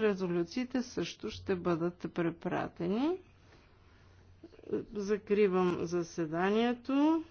резолюциите също ще бъдат препратени. Закривам заседанието.